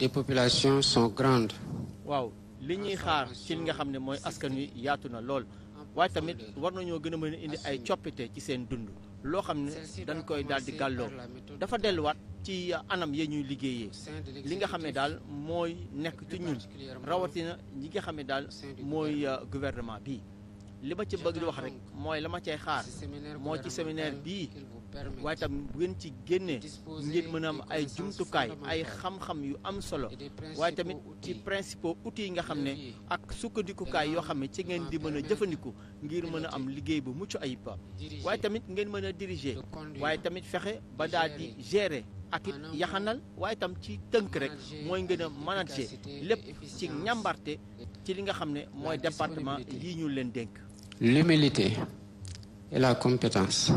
des populations sont grandes. waaw li ñuy xaar ci li nga xam ne mooy askan wi yaatu na lool waaye tamit war nañoo gën a mën a indi ay coppite ci seen dund loo xam ne dañ koy daal di gàlloo dafa delluwaat ci anam yee ñuy liggéeyee li nga xam ne daal mooy nekk ci ñun rawatina ñi nga xam ne daal mooy gouvernement bi. li ma ci bëgg di wax rek mooy la ma cay xaar moo ci séminaire bii waaye tam bu ngeen ci génnee ngeen mën a am ay jumtukaay ay xam-xam yu am solo waaye tamit ci principaux outils yi nga xam ne ak sukkandikukaay yoo xam ne ci ngeen di mën a jëfandiku ngir mën a am liggéey bu mucc ayib waaye tamit ngeen mën a diriger waaye tamit fexe ba daal di gérer. ak it yaxanal waaye tam ci tënk rek mooy ngeen a manager lépp ci ñàmbarte ci li nga xam ne mooy département yii ñu leen dénk l'humilité est la compétence.